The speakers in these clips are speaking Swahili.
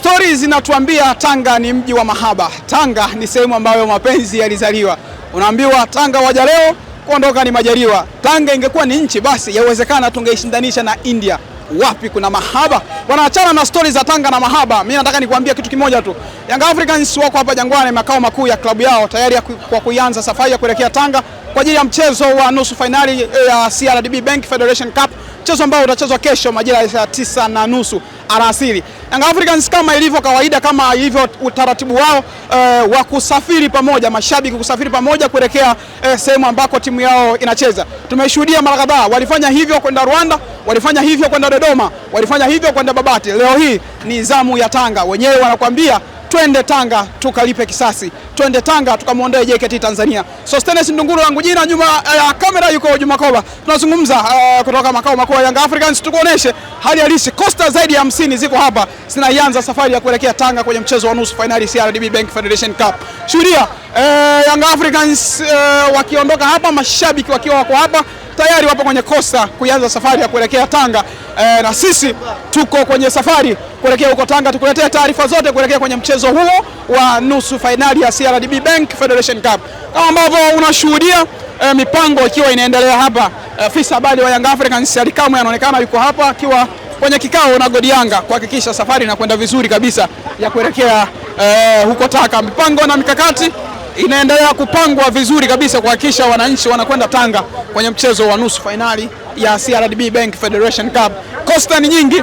Stori zinatuambia Tanga ni mji wa mahaba. Tanga ni sehemu ambayo mapenzi yalizaliwa. Unaambiwa Tanga waja leo, kuondoka ni majaliwa. Tanga ingekuwa ni nchi, basi yawezekana tungeishindanisha na India. Wapi kuna mahaba? Wanaachana na stori za Tanga na mahaba. Mimi nataka nikuambia kitu kimoja tu, Young Africans wako hapa Jangwani, makao makuu ya klabu yao, tayari ya ku, kwa kuianza safari ya kuelekea Tanga kwa ajili ya mchezo wa nusu fainali eh, ya CRDB Bank Federation Cup, mchezo ambao utachezwa kesho majira ya saa tisa na nusu alasiri. Young Africans kama ilivyo kawaida, kama ilivyo utaratibu wao e, wa kusafiri pamoja, mashabiki kusafiri pamoja kuelekea e, sehemu ambako timu yao inacheza. Tumeshuhudia mara kadhaa walifanya hivyo kwenda Rwanda, walifanya hivyo kwenda Dodoma, walifanya hivyo kwenda Babati. Leo hii ni zamu ya Tanga, wenyewe wanakuambia twende Tanga tukalipe kisasi, twende Tanga tukamwondoe JKT Tanzania. Sostenes Ndunguru langu jina, nyuma ya eh, kamera yuko Jumakoba. Tunazungumza uh, kutoka makao makuu ya Young Africans, tukuoneshe hali halisi. Kosta zaidi ya hamsini ziko hapa zinaianza safari ya kuelekea Tanga kwenye mchezo wa nusu finali CRDB Bank Federation Cup. Shuhudia uh, Young Africans uh, wakiondoka hapa, mashabiki wakiwa wako hapa tayari wapo kwenye kosta kuianza safari ya kuelekea Tanga e, na sisi tuko kwenye safari kuelekea huko Tanga tukuletea taarifa zote kuelekea kwenye mchezo huo wa nusu fainali ya CRDB Bank Federation Cup kama ambavyo unashuhudia e, mipango ikiwa inaendelea hapa e, fisa habari wa Young Africans Ali Kamwe anaonekana yuko hapa akiwa kwenye kikao na Godianga kuhakikisha safari inakwenda vizuri kabisa ya kuelekea e, huko Tanga. Mipango na mikakati inaendelea kupangwa vizuri kabisa kuhakikisha wananchi wanakwenda Tanga kwenye mchezo wa nusu fainali ya CRDB Bank Federation Cup. Kosta ni nyingi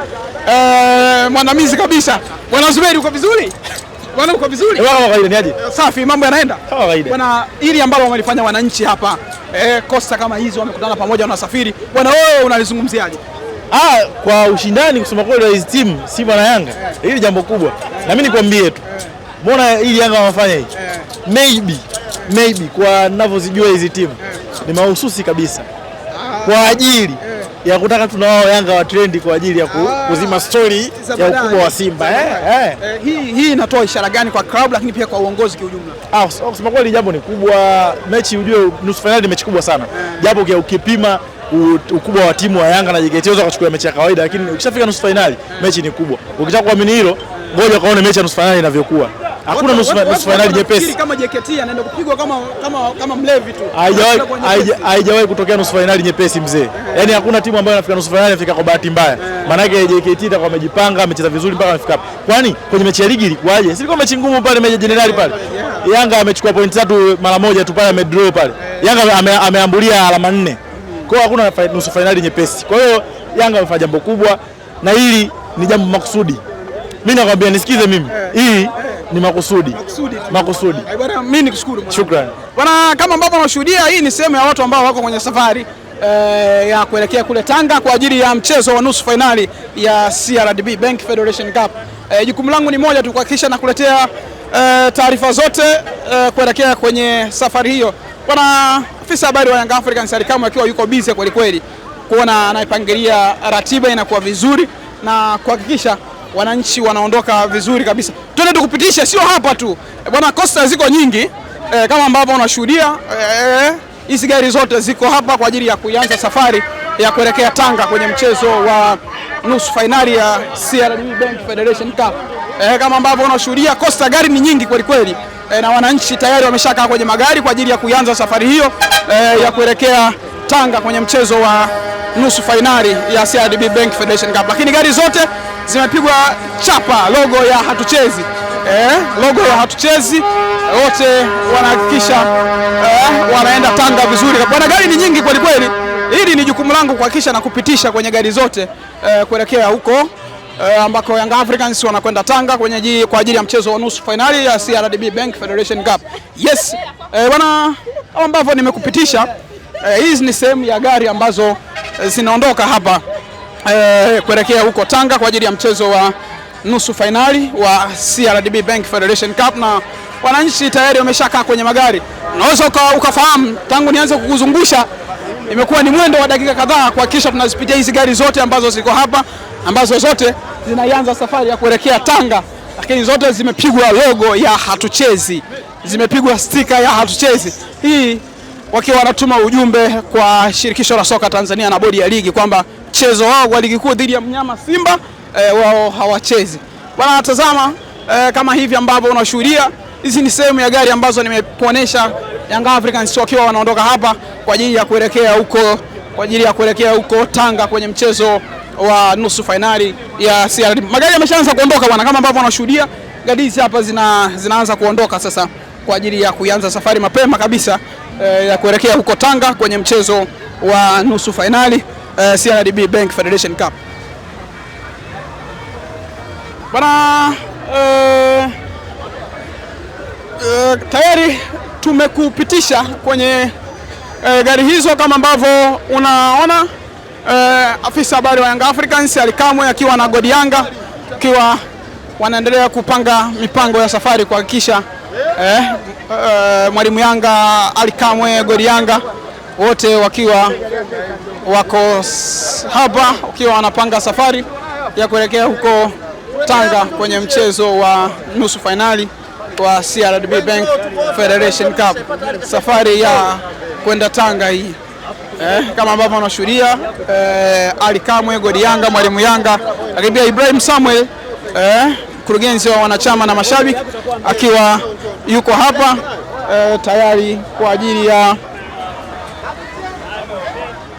eh, mwandamizi kabisa. Bwana Zuberi, uko vizuri? Bwana uko vizuri? Eh, Safi, mambo yanaenda bwana. ili ambalo wamelifanya wananchi hapa eh, Kosta kama hizi wamekutana pamoja, wanasafiri bwana, wewe unalizungumziaje? Ah, kwa ushindani kusema kweli wa hizi timu Simba na Yanga, hili jambo kubwa, na mimi nikwambie tu, mbona hili Yanga wanafanya hivi maybe maybe kwa ninavyozijua hizi timu ni mahususi kabisa kwa ah. ajili eh. ya kutaka tuna wao Yanga wa trendi kwa ajili ya ah. kuzima story ya ukubwa wa Simba. Eh, eh, eh. Hii hii inatoa ishara gani kwa klabu lakini pia kwa uongozi kiujumla? Ah, oh, kusema kweli jambo ni kubwa. Mechi ujue nusu finali ni mechi kubwa sana. Eh. Japo kwa ukipima ukubwa wa timu wa Yanga na JKT waweza kuchukua mechi ya kawaida, lakini ukishafika nusu finali mechi ni kubwa. Ukitaka kuamini hilo, ngoja Kaone mechi ya nusu finali inavyokuwa. Hakuna nusu finali nyepesi. Kama JKT anaenda kupigwa kama kama kama mlevi tu. Haijawahi haijawahi kutokea nusu finali nyepesi mzee. Yaani hakuna timu ambayo inafika nusu finali inafika kwa bahati mbaya. Eh. Maana yake JKT itakuwa amejipanga, amecheza vizuri mpaka amefika hapa. Kwani kwenye mechi ya ligi ilikuwaje? Si ilikuwa mechi ngumu pale meja jenerali pale. Yanga amechukua point tatu mara moja tu pale amedraw pale. Eh. Yanga ameambulia alama nne. Kwa hiyo hakuna nusu finali nyepesi. Kwa hiyo Yanga amefanya jambo kubwa na hili ni jambo makusudi. Mimi nakwambia nisikize mimi. Eh. Hii ni makusudi makusudi. Eh, mimi nikushukuru shukrani bwana. Kama ambavyo unashuhudia, hii ni sehemu ya watu ambao wako kwenye safari e, ya kuelekea kule Tanga kwa ajili ya mchezo wa nusu fainali ya CRDB Bank Federation Cup. E, jukumu langu ni moja tu, kuhakikisha nakuletea e, taarifa zote e, kuelekea kwenye safari hiyo bwana. Afisa habari wa Young Africans Alikamwe akiwa yuko busy kweli kweli kuona anaipangilia ratiba inakuwa vizuri na kuhakikisha wananchi wanaondoka vizuri kabisa twende tukupitishe, sio hapa tu eh, bwana. Kosta ziko nyingi e, kama ambavyo unashuhudia eh, hizi e, gari zote ziko hapa kwa ajili ya kuanza safari ya kuelekea Tanga kwenye mchezo wa nusu fainali ya CRDB Bank Federation Cup. E, kama ambavyo unashuhudia Kosta, gari ni nyingi kweli kweli e, na wananchi tayari wameshakaa kwenye magari kwa ajili ya kuanza safari hiyo e, ya kuelekea Tanga kwenye mchezo wa nusu fainali ya CRDB Bank Federation Cup, lakini gari zote zimepigwa chapa logo ya hatuchezi eh, logo ya hatuchezi. Wote wanahakikisha eh, wanaenda Tanga vizuri bwana. Gari ni nyingi kweli kweli. Hili ni jukumu langu kuhakikisha na kupitisha kwenye gari zote eh, kuelekea huko eh, ambako Young Africans wanakwenda Tanga kwenye kwa ajili ya mchezo wa nusu fainali ya CRDB Bank Federation Cup. Yes, eh, bwana uh, ambavyo nimekupitisha eh, hizi uh, ni sehemu ya gari ambazo Eh, zinaondoka hapa eh, kuelekea huko Tanga kwa ajili ya mchezo wa nusu fainali wa CRDB Bank Federation Cup, na wananchi tayari wameshakaa kwenye magari. Unaweza ukafahamu tangu nianze kukuzungusha imekuwa ni mwendo wa dakika kadhaa kuhakikisha tunazipitia hizi gari zote ambazo ziko hapa ambazo zote zinaanza safari ya kuelekea Tanga, lakini zote zimepigwa logo ya hatuchezi, zimepigwa stika ya hatuchezi hii wakiwa wanatuma ujumbe kwa shirikisho la soka Tanzania na bodi ya ligi kwamba mchezo wao wa ligi kuu dhidi ya mnyama Simba e, wao hawachezi bwana. natazama e, kama hivi ambavyo unashuhudia, hizi ni sehemu ya gari ambazo nimekuonesha Young Africans wakiwa wanaondoka hapa kwa ajili ya kuelekea huko kwa ajili ya kuelekea huko Tanga kwenye mchezo wa nusu fainali ya CRD. Magari yameshaanza kuondoka bwana, kama ambavyo unashuhudia gari hizi hapa zina, zinaanza kuondoka sasa kwa ajili ya kuanza safari mapema kabisa Eh, ya kuelekea huko Tanga kwenye mchezo wa nusu fainali eh, CRDB Bank Federation Cup. Bana eh, eh, tayari tumekupitisha kwenye eh, gari hizo kama ambavyo unaona eh, afisa habari wa Young Africans Alikamwe akiwa na Godi Yanga akiwa wanaendelea kupanga mipango ya safari kuhakikisha eh, Eh, mwalimu Yanga, Ali Kamwe, Goli Yanga wote wakiwa wako hapa wakiwa wanapanga safari ya kuelekea huko Tanga kwenye mchezo wa nusu fainali wa CRDB Bank Federation Cup, safari ya kwenda Tanga hii eh, kama ambavyo wanashuhudia eh, Ali Kamwe, Godi Yanga, Mwalimu Yanga, lakini pia Ibrahim Samuel eh, mkurugenzi wa wanachama na mashabiki, akiwa yuko hapa e, tayari kwa ajili ya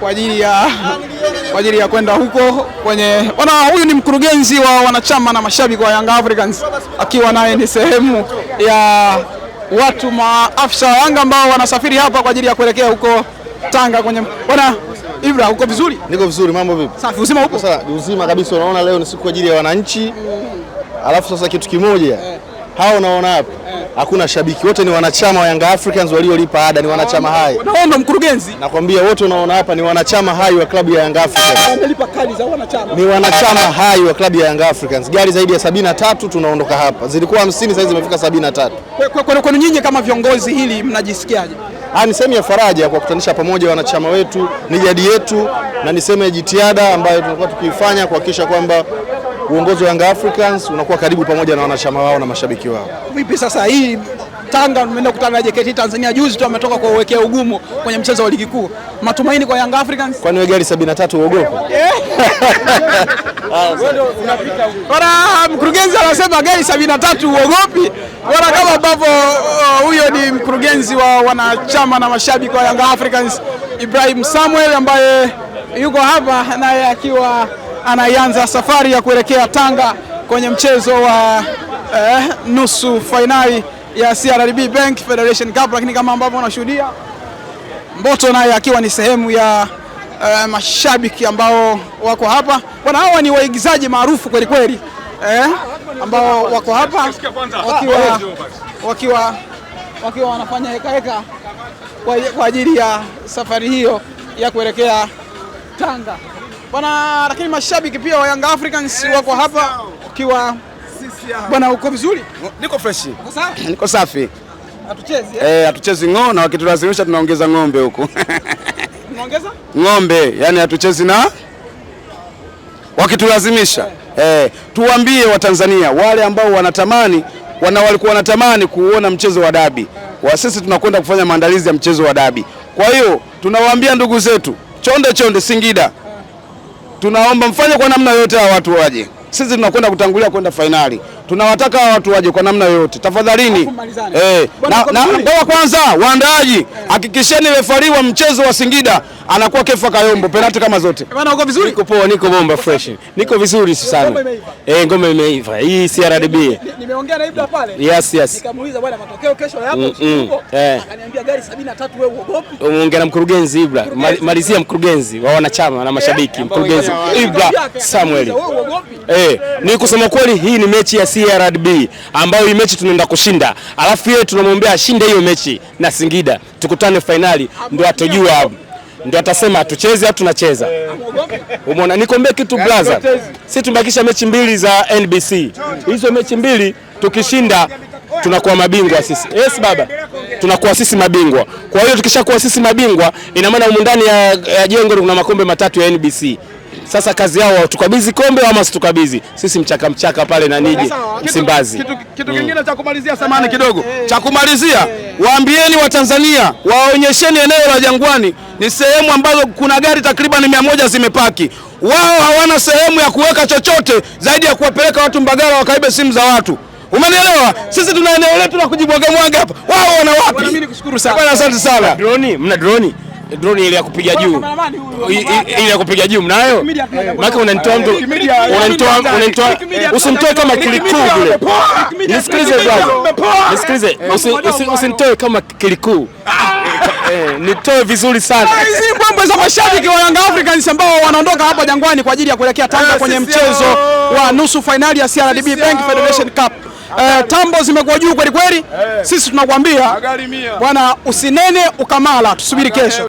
kwa ajili ya kwa ajili ya kwenda huko kwenye bwana. Huyu ni mkurugenzi wa wanachama na mashabiki wa Young Africans, akiwa naye ni sehemu ya watu maafisa wa Yanga ambao wanasafiri hapa kwa ajili ya kuelekea huko Tanga kwenye bwana Ibra, uko vizuri? Niko vizuri, mambo vipi? Safi, uzima upo? Sasa, uzima kabisa. Unaona leo ni siku kwa ajili ya wananchi Alafu sasa kitu kimoja hao unaona hapa hakuna shabiki, wote ni wanachama wa Young Africans waliolipa ada, ni wanachama hai. Naomba mkurugenzi, nakwambia wote unaona hapa ni wanachama hai wa klabu ya Young Africans, wamelipa kadi za wanachama, ni wanachama hai wa klabu ya Young Africans. Gari zaidi ya sabini na tatu tunaondoka hapa, zilikuwa hamsini, sasa zimefika sabini na tatu. kwa nyinyi kama viongozi, hili mnajisikiaje? Ah, ni sehemu ya faraja kwa kutanisha pamoja wanachama wetu, ni jadi yetu na ni sehemu ya jitihada ambayo tunakuwa tukiifanya kuhakikisha kwamba uongozi wa Young Africans unakuwa karibu pamoja na wanachama wao na mashabiki wao. Vipi sasa hii Tanga mmeenda kukutana na JKT Tanzania juzi tu ametoka kuwekea ugumu kwenye mchezo wa ligi kuu. Matumaini kwa Young Africans? Kwani nini gari 73 uogopa? Bora mkurugenzi anasema gari 73 uogopi. Bora kama ambavyo oh, huyo ni mkurugenzi wa wanachama na mashabiki wa Young Africans Ibrahim Samuel ambaye yuko hapa naye akiwa anaianza safari ya kuelekea Tanga kwenye mchezo wa eh, nusu fainali ya CRDB Bank Federation Cup, lakini kama ambavyo unashuhudia Mboto naye akiwa ni sehemu ya eh, mashabiki ambao wako hapa bwana. Hawa ni waigizaji maarufu kweli kweli eh, ambao wako hapa wakiwa, wakiwa, wakiwa wanafanya heka heka kwa ajili ya safari hiyo ya kuelekea Tanga. Bwana, lakini mashabiki pia wa Young Africans hey, wako hapa ukiwa Bwana uko vizuri? Niko fresh. Niko safi. Hatuchezi eh? Eh, hatuchezi ng'oo na wakitulazimisha tunaongeza ng'ombe huku. Tunaongeza? Ng'ombe, yani hatuchezi na wakitulazimisha. hey. Eh, eh tuwaambie Watanzania wale ambao wanatamani wana walikuwa wanatamani kuona mchezo wa dabi. Wa sisi tunakwenda kufanya maandalizi ya mchezo wa dabi. Kwa hiyo tunawaambia ndugu zetu, chonde chonde Singida tunaomba mfanye kwa namna yoyote hawa watu waje. Sisi tunakwenda kutangulia kwenda fainali, tunawataka hawa watu waje kwa namna yoyote tafadhalini. Eh, na, na, na kwanza waandaaji hakikisheni refari wa mchezo wa Singida anakuwa Kefa Kayombo penalti kama zote. Eh, bwana uko vizuri? Niko poa, niko bomba fresh. Niko vizuri eh, sana. Eh, ngome imeiva. Hii CRDB. Nimeongea na Ibra pale. Yes, yes. Nikamuuliza bwana matokeo kesho yapo. Mm, mm. Eh. Akaniambia gari 73 wewe uogopi? Umeongea na mkurugenzi Ibra. Malizia mkurugenzi wa wanachama na mashabiki. Mkurugenzi Ibra Samuel. Eh, ni kusema kweli hii ni mechi ya CRDB ambayo hii mechi tunaenda kushinda. Alafu yeye tunamwombea ashinde hiyo mechi na Singida. Tukutane finali ndio atajua hapo ndio atasema tucheze au tunacheza. Eh. Umeona, nikwambie kitu yaani blaza, si tumebakisha mechi mbili za NBC. Hizo mechi mbili tukishinda tunakuwa mabingwa sisi. Yes baba, tunakuwa sisi mabingwa. Kwa hiyo tukishakuwa sisi mabingwa, ina maana humu ndani ya, ya jengo kuna makombe matatu ya NBC. Sasa kazi yao watukabidhi kombe ama situkabidhi sisi, mchaka mchaka pale na niji Msimbazi. Kitu, kitu mm. kingine mm, cha kumalizia eh, samani eh, kidogo eh. cha kumalizia, waambieni Watanzania waonyesheni eneo la Jangwani ni sehemu ambazo kuna gari takriban mia moja zimepaki. Wao hawana sehemu ya kuweka chochote zaidi ya kuwapeleka watu Mbagala wakaibe simu za watu. Umenielewa? Sisi tuna eneo letu la kujibwaga mwaga hapa, wao wana wapi? Asante sana. Mna droni? drone ile ya kupiga juu ile ya kupiga juu mnayo? Maana unanitoa mtu, unanitoa unanitoa, usinitoe kama kilikuu vile. Nisikilize brother, nisikilize, usinitoe kama kilikuu ah. Eh, nitoe vizuri sana. Ah, hizi mbwembwe za mashabiki wa yanga Africans ambao wanaondoka hapa Jangwani kwa ajili ya kuelekea Tanga eh, kwenye mchezo wa nusu fainali ya CRDB Bank Federation Cup. Eh, tambo zimekuwa juu kweli kweli. Eh. Sisi tunakwambia bwana, usinene ukamala, tusubiri kesho.